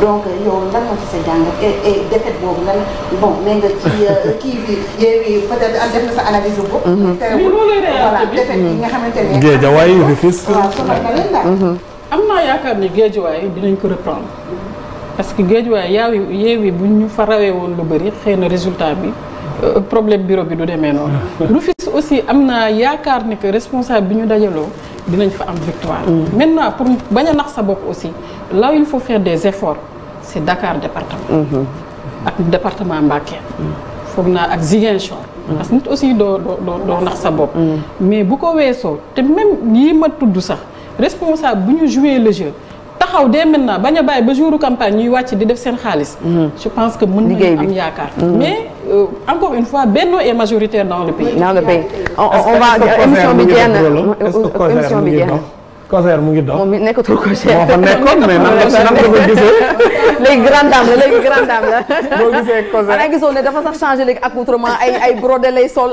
donc euh, yow lan moo ci sa jàngat euh, kii bi yéen peut être def na sa mhm. ne. géejawaay Rufisque. Mhm. am naa yaakaar ne géejawaay dinañ ko reprendre parce que géejawaay yaaw yi yeewi bu ñu fa rawee woon lu bëri xëy na résultat bi. Euh, problème bureau bi du demee noonu. Rufisque aussi am naa yaakaar ne que responsable bi ñu dajaloo. dinañ fa am victoire. Mm. maintenant pour bañ a nax sa bopp aussi là il faut faire des efforts c' est Dakar département. Mm-hmm. ak département Mbacké. Mm. foog naa ak Ziguinchor. Mm. parce que nit aussi doo doo doo nax sa bopp. mais bu ko weesoo te même yii ma tudd sax responsable bu ñu jouer le jeu. taxaw dès maintenant bañ a bàyyi ba jouru campagne ñuy wàcc di def seen xaalis. Mm-hmm. je pense que mën nañu am yaakaar. Mm-hmm. mais euh, une fois Benno est majoritaire dans le pays. dans le pays on, on va émission bi jeex na bi jeex na. Cosaire mu ngi dox moom mi nekkatul Cosaire. moo fa nekkoon mais nan la nan la ko gisee. léegi grande dame la léegi grande dame la. boo gisee Cosaire xanaa gisoo ne dafa sax changé léegi ay ay lay sol